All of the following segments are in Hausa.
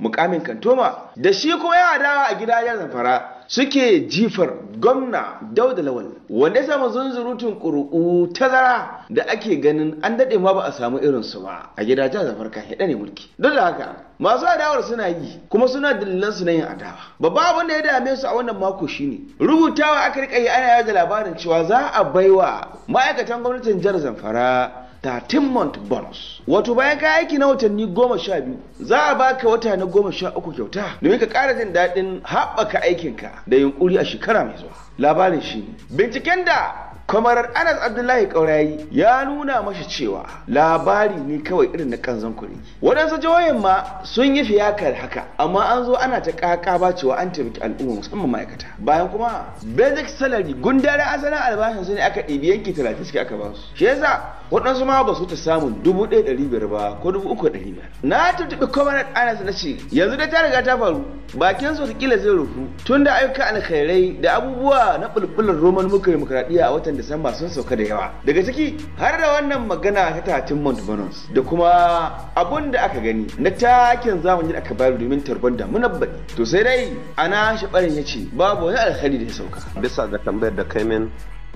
mukamin kantoma da shi kuma ya dawa a gida ya zamfara suke jifar gwamna dauda lawal wanda samu zunzurutun ƙuru'u tazara da ake ganin an daɗe ma ba a samu irinsu ba a gidajen zafarka ya ne mulki duk da haka masu adawar suna yi kuma suna dalilan su na yin adawa babba abin da ya dame su a wannan mako shine rubutawa aka rika yi ana yada labarin cewa za a baiwa ma'aikatan gwamnatin jihar zamfara 13 month bonus wato bayan ka aiki na watanni goma sha biyu za a baka wata na goma sha uku kyauta domin ka ƙara jin daɗin haɓaka aikinka da yunƙuri a shekara mai zuwa labarin shi binciken da kwamarar anas abdullahi kaurayi ya nuna mashi cewa labari ne kawai irin na kanzon kuri waɗansu jihohin ma sun yi fiyakar haka amma an zo ana ta ba cewa an taimaki al'umma musamman ma'aikata bayan kuma basic salary gundare asalin albashin su ne aka ɗibi yanki talatin suke aka basu shi yasa waɗansu ma ba su ta samun dubu ɗaya ɗari biyar ba ko dubu uku ɗari biyar na tuntuɓi kwamarar anas na ce yanzu dai ta riga ta faru bakin su kila zai rufu tun da ayyuka alkhairai da abubuwa na bulbular roman muka demokradiyya a watan Disamba sun sauka da yawa. Daga ciki har da wannan magana ta tatin Mount Bonus da kuma abun da aka gani na takin zamani da aka bayar domin tarban da munabbaɗi. To sai dai ana shi ya ce babu wani alkhari da ya sauka. Bisa ga tambayar da kai min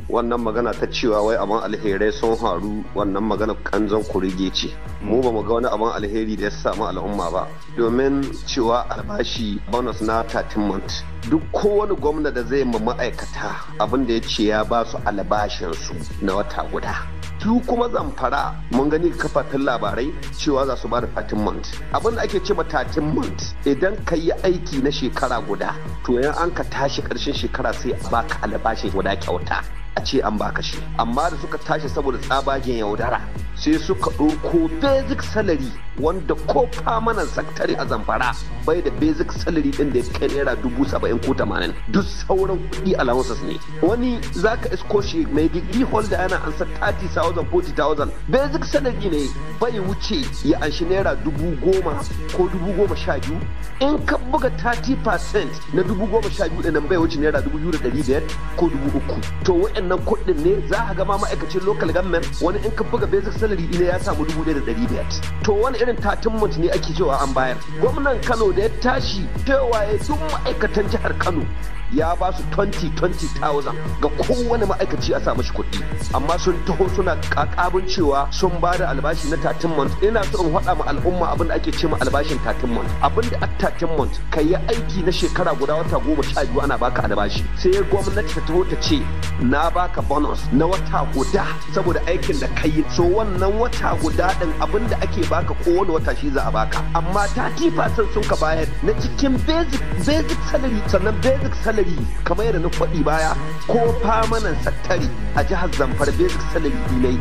wannan magana ta cewa wai abin alherai sun haru wannan magana kanzon kurege ce mu ba mu ga wani abin alheri da ya samu al'umma ba domin cewa albashi bonus na 13 month duk kowane gwamna da zai ma ma'aikata abin da ya ce ya ba su albashinsu na wata guda su kuma zamfara mun gani kafafen labarai cewa za su bada 13 month abin da ake ce ma 13 month idan ka yi aiki na shekara guda to yan an ka tashi karshen shekara sai a baka albashin guda kyauta ce an ba kashe. amma da suka tashi saboda tsabagen yaudara sai suka ɗauko basic salary wanda ko famanan saktare a zamfara bai da basic salary ɗin da ya kai naira dubu saba'in ko tamanin duk sauran kuɗi allowances ne wani zaka isko shi mai digiri holder yana ansa 30,000 40,000 basic salary ne bai wuce ya anshi naira dubu goma ko dubu goma sha biyu in ka buga 30% na dubu goma sha biyu ɗin bai wuce naira dubu biyu da ɗari biyar ko dubu uku to wa'in wannan kuɗin ne za a ga ma ma'aikacin local government wani in ka buga basic salary ne ya samu dubu ɗaya da ɗari biyar to wani irin tatimment ne ake cewa an bayar gwamnan kano da ya tashi cewa ya sun ma'aikatan jihar kano ya ba su 20,000 ga kowane ma'aikaci a samu shi kuɗi amma sun taho suna kakabin cewa sun ba da albashi na 13 months. ina so in faɗa ma al'umma abin da ake ce ma albashin 13 months. abin da a 13 months ka yi aiki na shekara guda wata goma sha biyu ana baka albashi sai gwamnati ta taho ta ce na baka bonus na wata guda saboda aikin da ka yi so wannan wata guda din abin da ake baka kowane wata shi za a baka amma ta 30% sun ka bayar na cikin basic basic salary sannan basic salary salari kamar yadda na faɗi baya ko famanan sattari a jihar zamfara basic salary dinai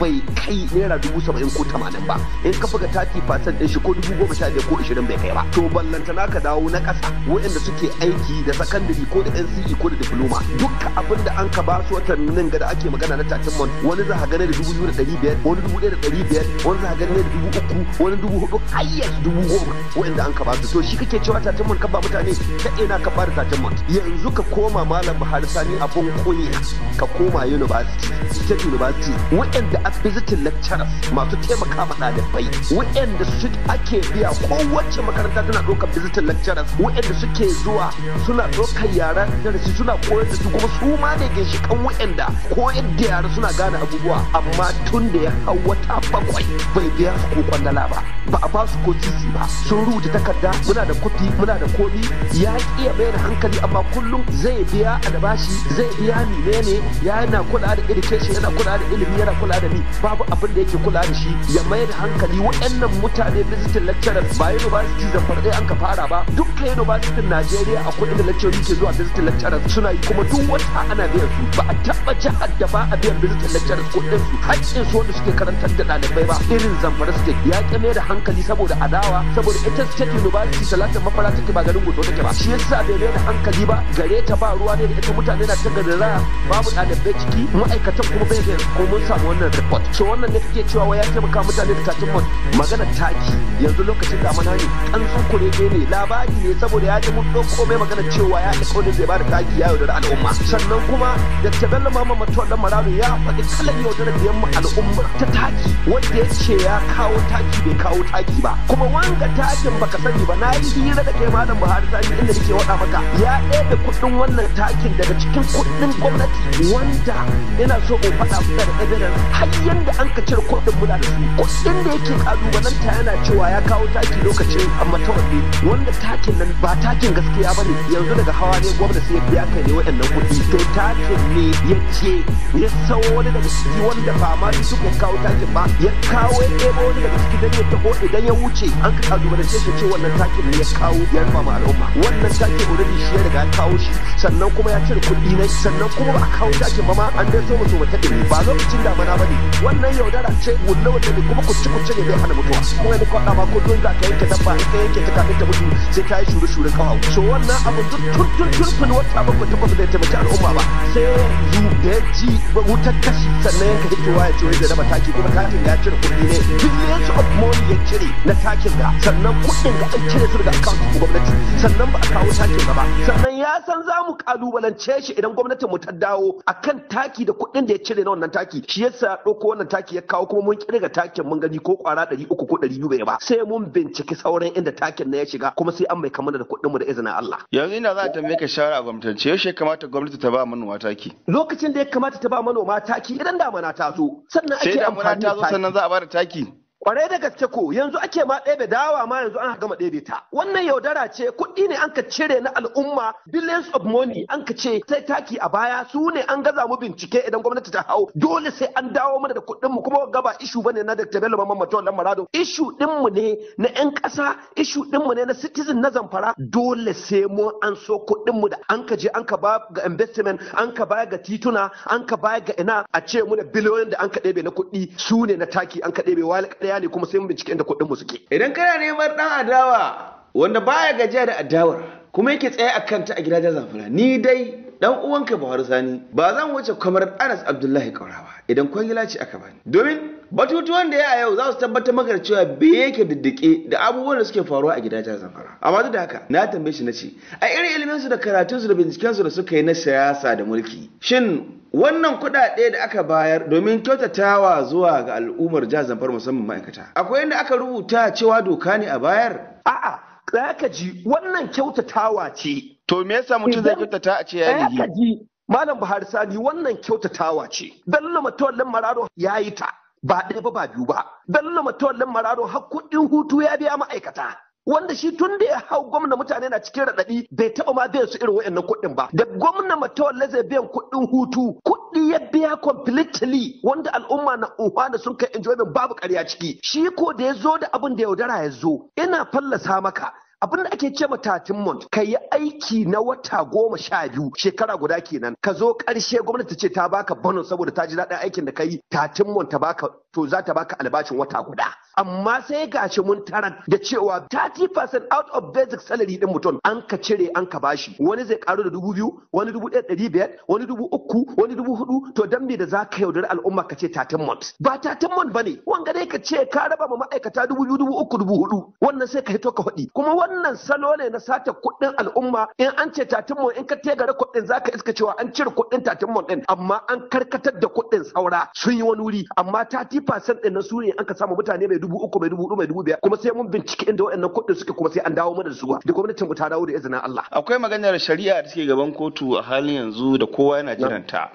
bai kai naira dubu saba'in ko tamanin ba in ka buga tati fasan ɗin shi ko dubu goma sha biyar ko ishirin bai kai ba to ballantana ka dawo na ƙasa waɗanda suke aiki da sakandare ko da NCE ko da diploma dukka abin da an ka ba su watan nan ga da ake magana na tatin mon wani za ka gane da dubu biyu da ɗari biyar wani dubu ɗaya da ɗari biyar wani za ka gane da dubu uku wani dubu hudu hayyar dubu goma waɗanda an ka ba su to shi kake cewa tatin mon ka ba mutane ta ina ka ba da tatin mon yanzu ka koma malam buhari sani abun koyi ka koma university state university wa'anda a visiting lecturers masu taimaka ma ɗalibai wa'anda su ake biya kowace makaranta tana ɗaukar visiting lecturers wa'anda suke zuwa suna ɗaukar yara darasi suna koyar da su kuma su ma ne ginshiƙan wa'anda koyar da yara suna gane abubuwa amma tun da ya hau wata bakwai bai biya su ko kwandala ba ba a ba ko titi ba sun rubuta takarda muna da kuɗi muna da komi ya ƙi ya bayar hankali amma kullum zai biya albashi zai biya ni ne yana kula da education yana kula da ilimi yana kula da ni babu abin da yake kula da shi ya mayar da hankali waɗannan mutane visiting lecturers ba university zamfar farɗe an ka fara ba dukkan university Najeriya a akwai da lecturer ke zuwa visiting lecturers suna yi kuma duk wata ana biyan su ba a taɓa jihar da ba a biyan visiting lecturers kuɗin su haƙƙin su wanda suke karantar da ɗalibai ba irin Zamfara suke ya ƙi mayar da hankali saboda adawa saboda ita state university talatin mafara ke ba garin ta take ba shi yasa bai mayar da hankali ba ba gare ta ba ruwa ne da ita mutane na da babu ɗalibai ciki ma'aikatan kuma bai da ko mun samu wannan report so wannan ne kake cewa wai ya taimaka mutane da katin mun magana taki yanzu lokacin damana ne kan su kure ne labari ne saboda ya ji mun ɗauko mai magana cewa ya ɗauko ne zai ba da taki ya yaudara al'umma sannan kuma da tabella mama mutuwar da ya faɗi kalan yaudara da yamma al'umma ta taki wanda ya ce ya kawo taki bai kawo taki ba kuma wanga takin baka sani ba na yi hira da kai malam Buhari sani inda nake waɗa maka ya ɗaya da kuɗin wannan takin daga cikin kuɗin gwamnati wanda yana so in faɗa fitar evidence har yanda an ka kudin kuɗin muna da su kuɗin da yake kalubalanta yana cewa ya kawo taki lokacin amma tawadde wanda takin nan ba takin gaskiya ba ne yanzu daga hawa ne gwamnati ya biya kai ne waɗannan kuɗi to takin ne ya ce ya sawo wani daga ciki wanda ba ma su kawo takin ba ya kawo ya ɗebo wani daga ciki dan ya taho idan ya wuce an ka kalubalance shi ce wannan takin ne ya kawo ya rufa ma al'umma wannan takin already shi ya riga kawo shi sannan kuma ya cire kuɗi na shi sannan kuma ba a kawo dakin ba ma an dai so mutum wata ɗin ba cin damana ba ne wannan yaudara ce wulle wulle ne kuma kuci kuci ne zai hana mutuwa kuma ni kwaɗa ma ko don za ka yanke dabba in ka yanke ta kafin ta mutu sai ta yi shuru shure kawo so wannan abu duk tun tun tun tun wata ba ta tabbata zai taimaki al'umma ba sai yanzu da ya ji wutar kashi sannan yanka hitowa ya ce wai zai raba taki kuma takin ya cire kuɗi ne billions of money ya cire na takin ga sannan kuɗin da an cire su daga akawuntin gwamnati sannan ba a kawo takin ba sannan ya san za mu kalubalance shi idan gwamnatin mu ta dawo akan taki da kuɗin da ya cire na wannan taki shi yasa ɗauko wannan taki ya kawo kuma mun kirga takin mun gani ko kwara ɗari uku ko ɗari biyu bai ba sai mun binciki sauran inda takin na ya shiga kuma sai an mai kamar da kuɗin mu da izinin Allah. Yanzu ina za ta tambaye ka shawara a gwamnatance yaushe ya kamata gwamnati ta ba manoma taki. Lokacin da ya kamata ta ba manoma taki idan damana ta zo sannan ake amfani da taki. sannan za a ba da taki. kwarai da gaske ko yanzu ake ma ɗebe dawa ma yanzu an gama ɗebe ta wannan yaudara ce kuɗi ne an ka cire na al'umma billions of money an ka ce sai taki a baya su ne an gaza mu bincike idan gwamnati ta hau dole sai an dawo mana da kuɗin mu kuma gaba ishu bane na Dr. Bello Mamman dan Marado ishu din mu ne na ƴan ƙasa ishu din mu ne na citizen na Zamfara dole sai mu an so kuɗin mu da an ka je an ka ba ga investment an ka baya ga tituna an ka baya ga ina a ce mu da biliyoyin da an ka ɗebe na kuɗi su ne na taki an ka ɗebe wali bayani kuma sai mun bincike inda kuɗin mu suke idan kana neman dan adawa wanda baya gajiya da adawar kuma yake tsaye a kanta a gidajen zamfara ni dai dan uwanka Buhari Sani ba zan wuce kamar Anas Abdullahi Kaurawa idan kwangila ce aka bani domin batutuwan da ya a yau za su tabbatar maka da cewa be yake diddike da abubuwan da suke faruwa a gidajen zamfara amma duk da haka na tambaye shi na ce a irin ilimin su da karatun su da binciken su da suka yi na siyasa da mulki shin wannan kuɗaɗe da aka bayar domin kyautatawa zuwa ga al'ummar jihar zamfara musamman ma'aikata akwai inda aka rubuta cewa doka ne a bayar a'a za ka ji wannan kyautatawa ce to me yasa mutum zai kyautata a ce ya yi malam buhari sani wannan kyautatawa ce bello matawallin mararo ya yi ta ba ɗaya ba ba biyu ba bello matawallin mararo har kuɗin hutu ya biya ma'aikata wanda shi tun da ya hau gwamna mutane na cikin raɗaɗi bai taɓa ma biyan su irin wa'annan kuɗin ba da gwamna matawalle zai biyan kuɗin hutu kuɗi ya biya completely wanda al'umma na unhwa da sun kai enjoyment babu ƙarya ciki shi ko da ya zo da abin da yaudara ya zo ina fallasa maka abin da ake ce ma tatin ka yi aiki na wata goma sha biyu shekara guda kenan ka zo ƙarshe gwamnati ce ta baka bonus saboda ta ji daɗin aikin da ka yi tatin ta baka to za ta baka albashin wata guda amma sai gashi mun tarar da cewa 30% out of basic salary din mutum an ka cire an ka bashi wani zai karu da dubu biyu wani dubu ɗaya ɗari biyar wani dubu uku wani dubu hudu to dan me da za ka yaudari al'umma ka ce tatin month ba tatin ba ne, wanga dai ka ce ka raba ma ma'aikata dubu biyu dubu uku dubu hudu wannan sai ka hito ka faɗi kuma wannan salo ne na sace kuɗin al'umma in an ce tatin in ka gare kuɗin zaka iska cewa an cire kuɗin tatin ɗin amma an karkatar da kuɗin saura sun yi wani wuri amma ti fasan ɗin na su ne an ka samu mutane mai dubu uku mai dubu hudu mai dubu biyar kuma sai mun bincike inda waɗannan kuɗin suke kuma sai an dawo mana da su da gwamnatin mu ta dawo da izinin Allah akwai maganar shari'a da suke gaban kotu a halin yanzu da kowa yana jiranta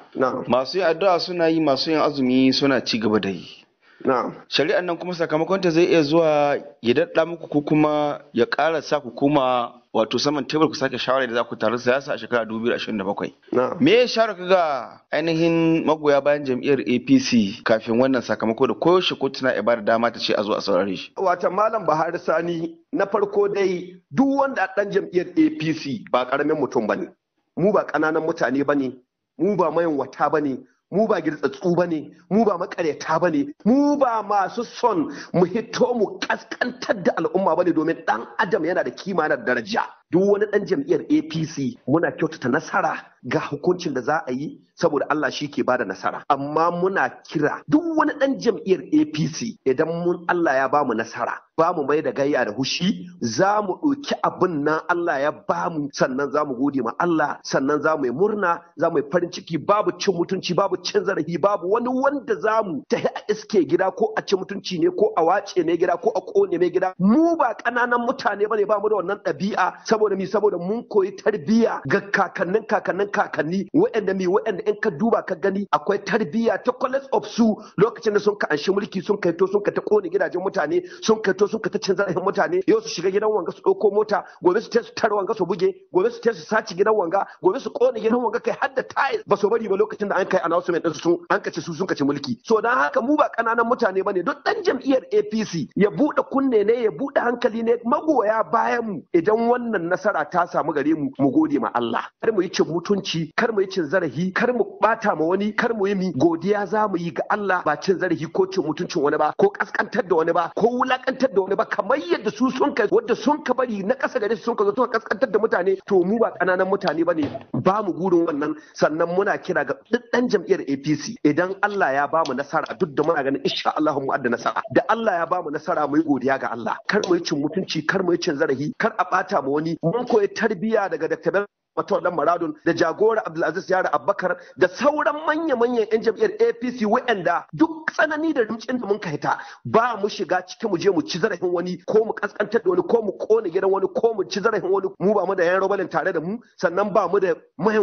masu yin addu'a suna yi masu yin azumi suna ci gaba da yi na'am shari'an nan kuma sakamakon ta zai iya zuwa ya dadda muku ko kuma ya ƙara sa ku koma wato saman tebur ku sake shawara da za ku taru siyasa a shekara 2027 me ya shawara ka ga ainihin magoya bayan jam'iyyar APC kafin wannan sakamako da koyaushe ko tana ibada dama ta ce a zo a saurare shi wata malam Buhari Sani na farko dai duk wanda a ɗan jam'iyyar APC ba karamin mutum bane mu ba ƙananan mutane bane mu ba mayan wata bane mu ba girtsatsu ba ne mu ba makareta ba ne mu ba masu son mu hito mu kaskantar da al'umma ba ne domin ɗan adam yana da kima yana daraja duk wani ɗan jam'iyyar APC muna kyautata nasara ga hukuncin da za a yi saboda Allah shi ke bada nasara amma muna kira duk wani ɗan jam'iyyar APC idan mun Allah ya bamu nasara bamu mai da gayya da hushi za mu ɗauki abin nan Allah ya bamu sannan za mu gode ma Allah sannan za mu yi murna za mu yi farin ciki babu cin mutunci babu cin zarafi babu wani wanda za mu ta a iske gida ko a cin mutunci ne ko a wace mai gida ko a kone mai gida mu ba ƙananan mutane bane ba mu da wannan ɗabi'a saboda mi saboda mun koyi tarbiyya ga kakannin kakannin kakanni wa'anda mi wa'anda in ka duba ka gani akwai tarbiyya ta college of su lokacin da sun ka anshi mulki sun kai to sun ka ta kone gidajen mutane sun kai to sun ka ta cin zarafin mutane yau su shiga gidan wanga su ɗauko mota gobe su su tar wanga su buge gobe su su saci gidan wanga gobe su kone gidan wanga kai har da tiles ba su bari ba lokacin da an kai announcement din su an kace su sun kace mulki so dan haka mu ba kananan mutane bane duk dan jam'iyyar APC ya bude kunne ne ya bude hankali ne magoya bayan mu idan wannan nasara ta samu gare mu mu gode ma Allah kar mu yi cin mutunci kar mu yi cin zarafi kar mu bata ma wani kar mu yi mi godiya za mu yi ga Allah ba cin zarafi ko cin mutuncin wani ba ko kaskantar da wani ba ko wulakantar da wani ba kamar yadda su sun ka wanda sun ka bari na ƙasa gare su sun ka zo suka kaskantar da mutane to mu ba kananan mutane bane ba mu gurin wannan sannan muna kira ga duk jam'iyyar APC idan Allah ya ba mu nasara duk da muna ganin insha Allah mu adda nasara da Allah ya ba mu nasara mu yi godiya ga Allah kar mu yi cin mutunci kar mu yi cin zarafi kar a bata ma wani mun koyi tarbiyya daga daktarar Matawallan Maradun da jagora Abdulaziz Yara Abubakar da sauran manya-manyan 'yan jam'iyyar APC wa'anda duk tsanani da rimcin da mun kaita ba mu shiga cikin mu je mu ci zarafin wani ko mu kaskantar da wani ko mu kone gidan wani ko mu ci zarafin wani mu ba mu da yan robalin tare da mu sannan ba mu da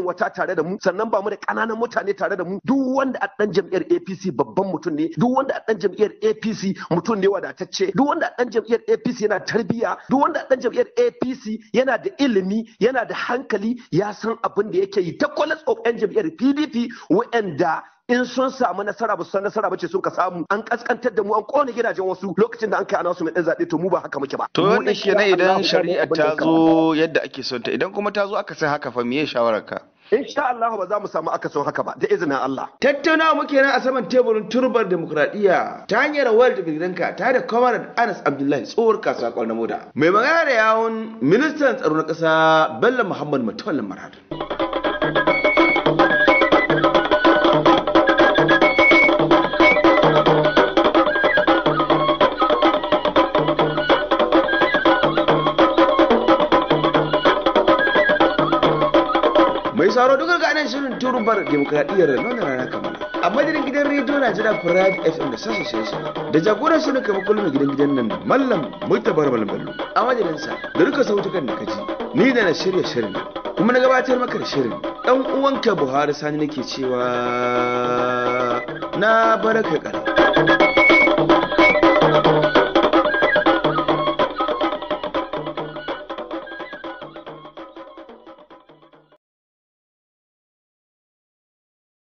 wata tare da mu sannan ba mu da kananan mutane tare da mu duk wanda a dan jam'iyyar APC babban mutum ne duk wanda a dan jam'iyyar APC mutum ne wadatacce duk wanda a dan jam'iyyar APC yana tarbiyya duk wanda a dan jam'iyyar APC yana da ilimi yana da hankali ya san abin da yake yi ta kwalas of yan jam'iyyar pdp wa'anda in sun samu nasara ba su san nasara ba ce sun ka samu an kaskantar da mu an kone gidajen wasu lokacin da an kai anasu mai ɗan zaɓe to mu ba haka muke ba. to wani shi idan shari'a ta zo yadda ake son ta idan kuma ta zo aka sai haka fa me shawarar ka. insha Allah ba za mu samu akasin haka ba da izinin Allah tattauna muke nan a saman teburin turbar demokradiya ta hanyar world bigdanka ta da comrade Anas Abdullahi tsohuwar kasuwa na moda mai magana da yawun ministan tsaro na Kasa Bello Muhammad Matawallan Maradu. sauro duk ga nan shirin turbar demokradiyyar nuna rana kamar a madadin gidan rediyo na jira Pride FM da sassa sai da jagoran shirin kama kullum gidan gidan nan mallam murtabar balbalu a madadin sa da duka sautukan da kaji ni da na shirya shirin kuma na gabatar maka da shirin dan uwanka Buhari Sani nake cewa na baraka kara